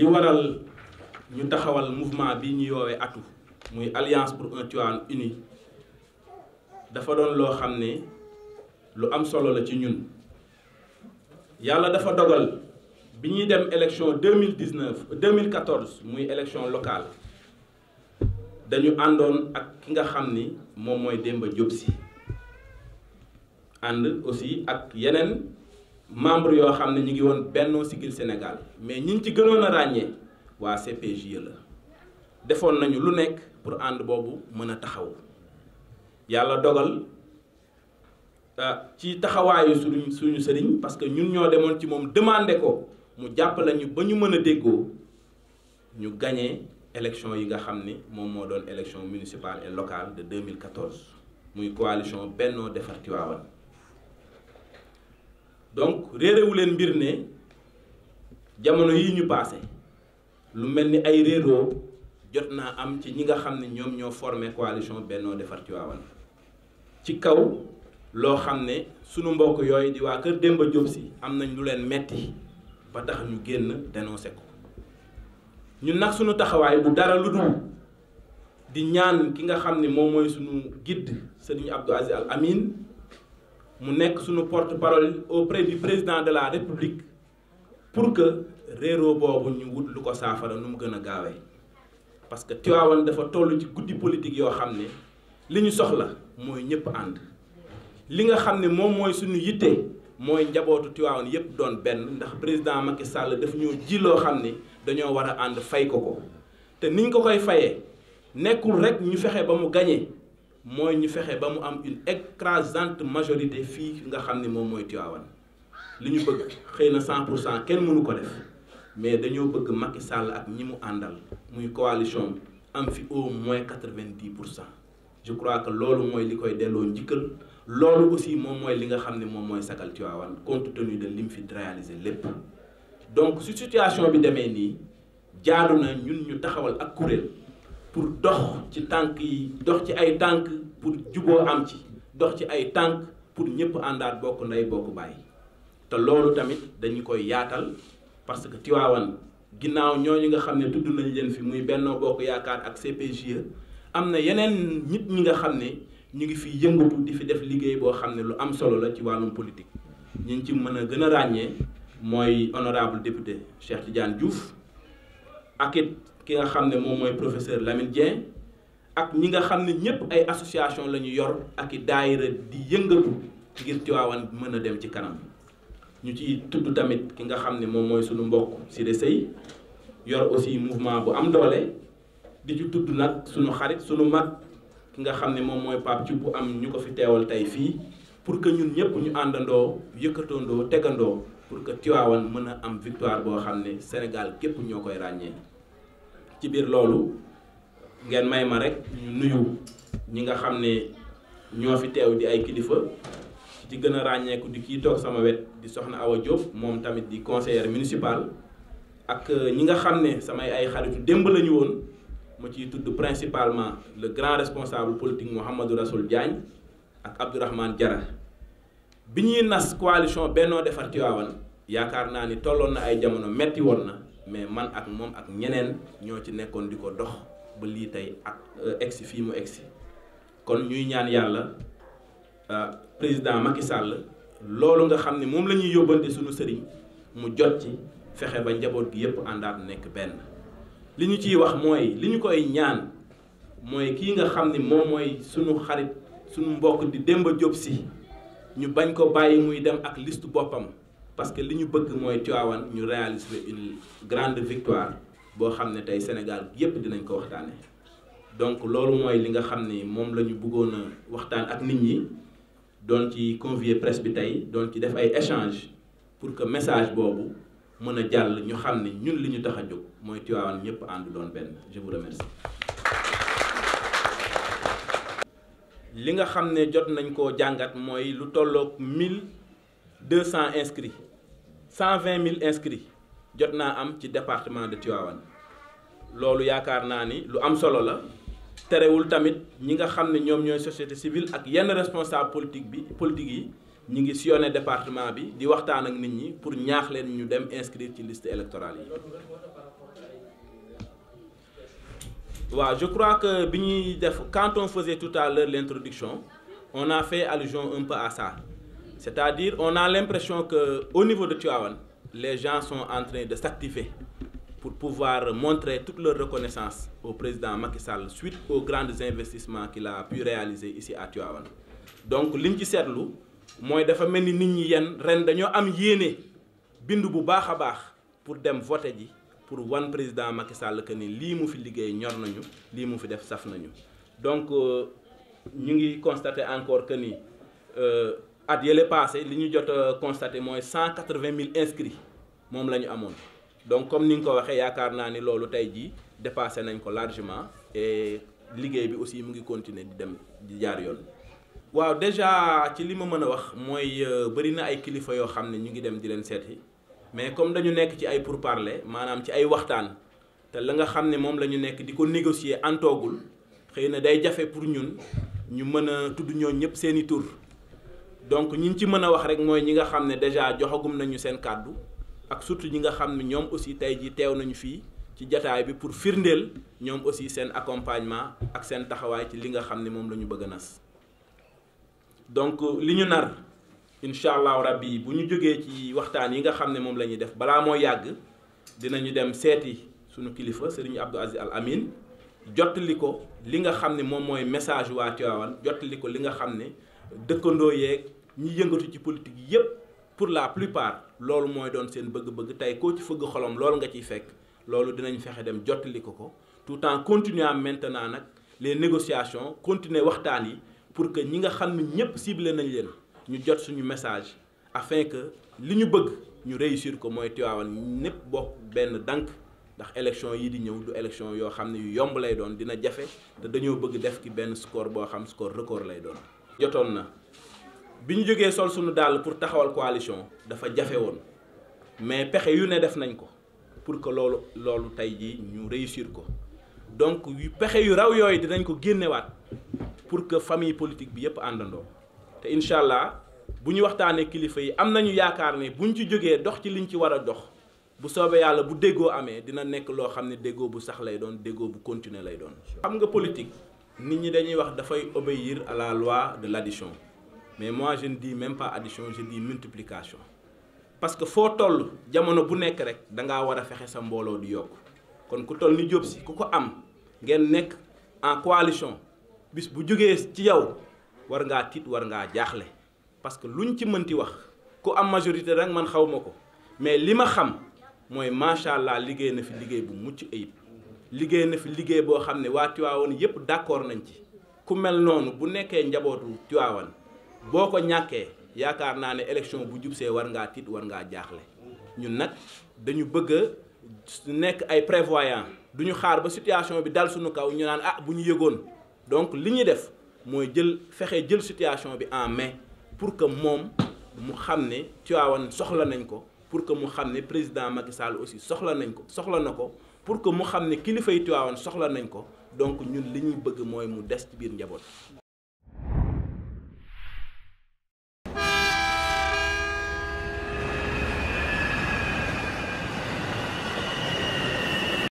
li waral ñu taxawal mouvement bi ñuy yoowee atu muy alliance pour un Tivaouane dafa doon loo xam ne lu am solo la ci ñun yàlla dafa dogal bi ñuy dem élection mille 2014 muy élection locale dañu àndoon ak ki nga xam ni moom mooy Demba Diop Sy ànd aussi ak yeneen membre yoo xam ne ñu ngi woon Benno Siggil Sénégal mais ñi ci gënoon a ràññee waa CPJ e la defoon nañu lu nekk pour ànd boobu mën a taxaw yàlla dogal euh, ci taxawaayu su suñu sëriñ parce que ñun ñoo demoon ci moom demandé ko mu jàppale ñu ba ñu mën a déggoo ñu gañee élection yi nga xam ni moom moo doon élection municipale et locale de 2014 muy coalition Benno Defar Tivaouane donc réeréwu leen mbir ne jamono yi ñu paase lu mel ni ay réeroo jot naa am ci ñi nga xam ne ñoom ñoo formé coalition bennoo Defar Tivaouane ci kaw loo xam ne sunu mbokk yooyu di waa kër démba Diop si am nañ lu leen metti ba tax ñu génn dénoncé ko ñun nag sunu taxawaay bu dara lu dul di ñaan ki nga xam ne moo mooy sunu gidd Serigne Abdou Aziz Al Amin mu nekk suñu porte-parole auprès du président de la république pour que réero boobu ñu wut lu ko saafara nu mu gën a gaawee parce que Tivaouane dafa toll ci guddi politique yoo xam ne li ñu soxla mooy ñëpp ànd li nga xam ne moom mooy suñu yitte mooy njabootu Tivaouane yëpp doon benn ndax président Macky Sall daf ñoo ji xam ne dañoo war a ànd fay ko ko te niñ ko koy fayee nekkul rek ñu fexe ba mu gañee mooy ñu fexe ba mu am une écrasante majorité fii nga xam ne moom mooy Tivaouane li ñu bëgg xëy na 100 pour cent kenn mënu ko def mais dañoo bëgg Macky Sall ak ñi mu àndal muy coalition bi am fi au vingt 90 pour cent je crois que loolu mooy li koy delloo njikkal loolu aussi moom mooy li nga xam ne moom mooy sagal Tivaouane compte tenu de mu fi réalisé lépp donc su situation bi demee nii jaadu na ñun ñu taxawal ak kuréel. pour dox ci tànk yi dox ci ay tànk pour juboo am ci dox ci ay tànk pour ñëpp àndaat bokk ndey bokk bàyyi te loolu tamit dañu koy yaatal parce que Tiwaawan ginnaaw ñoo ñu nga xam ne tudd nañ leen fi muy Benno Bokk Yaakaar ak CPGE am na yeneen nit ñi nga xam ne ñu ngi fi yëngatu di fi def liggéey boo xam ne lu am solo la ci wàllum politique ñi ci mën a gën a ràññee mooy honorable député Cheikh Tidiane Diouf ak it ki nga xam ne moom mooy professeur Lamine Dieng ak ñi nga xam ne ñëpp ay association la ñu yor ak i daayira di yëngatu ngir Tiwaawan mën a dem ci kanam ñu ci tudd tamit ki nga xam ne moom mooy suñu mbokk Siré Sey yor aussi mouvement bu am doole di ci tudd nag suñu xarit suñu mag ki nga xam ne moom mooy Pape ci bu am ñu ko fi teewal tey fii pour que ñun ñëpp ñu àndandoo yëkkatoondoo tegandoo pour que Tiwaawan mën a am victoire boo xam ne Sénégal képp ñoo koy ràññee ci biir loolu ngeen may ma rek ñu nuyu ñi nga xam ne ñoo fi teew di ay kilifa ci gën a ràññeeku di kii toog sama wet di soxna Awa Diop moom tamit di conseillère municipal ak euh, ñi nga xam ne samay ay xaritu démb lañu woon ma ciy tudd principalement le grand responsable politique Mouhamadou Rassoul Diagne ak Abdourahmane Diarra bi ñuy nas coalition Bennoo Defar Tivaouane yaakaar naa ni tolloon na ay jamono metti woon na mais man ak moom ak ñeneen ñoo ci nekkoon di ko dox ba lii tey ak euh, egsi fii mu egsi kon ñuy ñaan yàlla euh, président Macky Sall loolu nga xam ni moom lañuy ñuy yóbbante suñu sëriñ mu jot ci fexe ba njaboot gi yépp àndaat nekk benn li ñu ciy wax mooy li ñu koy ñaan mooy kii nga xam ni moom mooy suñu xarit sunu mbokk di a Diop si ñu bañ ko bàyyi muy dem ak listu boppam parce que li ñu bëgg mooy Tivaouane ñu réaliser une grande victoire boo xam ne tey Sénégal yépp dinañ ko waxtaane donc loolu mooy li nga xam ne moom la ñu bëggoon a waxtaan ak nit ñi doon ci convier presse bi tey doon ci def ay échange pour que message boobu mën a jàll ñu xam ne ñun li ñu tax a jóg mooy Tivaouane ñëpp ànd doon benn je li nga xam ne jot nañ koo jàngat mooy lu tollook mille deux cent inscrits. cent vingt mille inscrits jot naa am ci département de Tivaouane loolu yaakaar naa ni lu am solo la terewul tamit ñi nga xam ne ñoom ñooy société civile ak yenn responsable politique bi politique yi ñu ngi sillonné département bi di waxtaan ak nit ñi pour ñaax leen ñu dem inscrire ci liste électorale yi. waaw je crois que bi ñuy def quand on faisait tout à l'heure l'introduction on a fait allusion un peu à ça. C'est-à-dire, on a l'impression au niveau de Tuawan, les gens sont en de s'activer pour pouvoir montrer toute leur reconnaissance au président Macky Sall suite aux grands investissements qu'il a pu réaliser ici à Tivaouane donc liñ ci seetlu mooy dafa mel ni nit ñi yenn ren dañoo am yéene bind bu baax a baax pour dem voter ji pour wan président Macky Sall que ni lii mu fi liggéey ñor nañu lii mu fi def saf nañu donc euh, ñu ngi constater encore que ni euh, at yële passé li ñu jot a constaté mooy cent quatre vingt mille inscrits moom la ñu amoon donc comme ni nga ko waxee yaakaar naa ni loolu tey jii dépassé nañ ko largement et liggéey bi aussi mu ngi continuer di dem di jaar yoon. waaw déjà ci li ma mën a wax mooy euh, bëri na ay kilifa yoo xam ne ñu ngi dem di leen seeti mais comme dañu nekk ci ay pourparlers maanaam ci ay waxtaan te la nga xam ne moom la ñu nekk di ko négocier antoogul xëy na day jafe pour ñun ñu mën a tudd ñooñu ñëpp seeni tur. donc ñi ci mën a wax rek mooy ñi nga xam ne déjà joxagum nañu seen kàddu ak surtout ñi nga xam ne ñoom aussi tey jii teew nañu fii ci jataay bi pour firndeel ñoom aussi seen accompagnement ak seen taxawaay ci li nga xam ne moom la ñu bëgg nas donc li ñu nar incha allahu rabbi bu ñu jógee ci waxtaan yi nga xam ne moom la ñuy def balaa moo yàgg dinañu dem seeti suñu kilifa sëriñ Abdou Aziz Al Amin jottali ko li nga xam ne moom mooy message waa Tivaouane jottali ko li nga xam ne dëkkandoo yeeg. ñi yëngatu ci politique yépp pour la plupart loolu mooy doon seen bëgg-bëgg tey koo ci fëgg xolom loolu nga ciy fekk loolu dinañ fexe dem jottali ko ko tout en continuant maintenant nag les négociations continuer waxtaan yi pour que ñi nga xam ne ñëpp ciblé nañ leen ñu jot suñu message afin que li ñu bëgg ñu réussir ko mooy Tivaouane ñëpp bokk benn dànk ndax élection yi di ñëw du élection yoo xam ne yu yomb lay doon dina jafe te dañoo bëgg def ki benn score boo xam score record lay doon na bi ñu jógee sol sunu dàll pour taxawal coalition dafa jafe woon mais pexe yu ne def nañ ko pour que loolu loolu tey jii ñu réussir ko donc yu pexe yu raw yooyu dinañ ko génnewaat pour que famille politique bi yëpp àndandoo te incha allah bu ñu waxtaanee kilifa yi am nañu yaakaar ne buñ ci jógee dox ci liñ ci war a dox bu soobee yàlla bu déggoo amee dina nekk loo xam ne déggoo bu sax lay doon déggoo bu continuer lay doon. am nga politique nit ñi dañuy wax dafay obéir à la loi de l'addition mais mois je di dis même pas addition je dis multiplication parce que foo toll jamono bu nekk rek da ngaa war a fexe sa mbooloo di yokk kon ku toll ni Diop Sy ku ko am ngeen nekk en coalition bis bu jógee ci yow war ngaa tiit war ngaa jaaxle parce que luñ ci mënti wax ku am majorité rek man xaw ma ko mais li ma xam mooy macha allah liggéey na fi liggéey bu mucc ayib liggéey na fi liggéey boo xam ne waa Tiwaawan yëpp d'accord nañ ci ku mel noonu bu nekkee njabootu Tiwaawan boo ko ñàkkee yaakaar naa ne élection bu jub see war ngaa tiit war ngaa jaaxle ñun nag dañu bëgg a nekk ay prévoyant duñu xaar ba situation bi daal suñu kaw ñu naan ah bu ñu yëgoon donc li ñuy def mooy jël fexe jël situation bi en mais pour que moom mu xam ne Tivaouane soxla nañ ko pour que mu xam ne président Macky Sall aussi soxla nañ ko soxla na ko pour que mu xam ne kilifay Tivaouane soxla nañ ko donc ñun li ñuy bëgg mooy mu des ci biir njaboot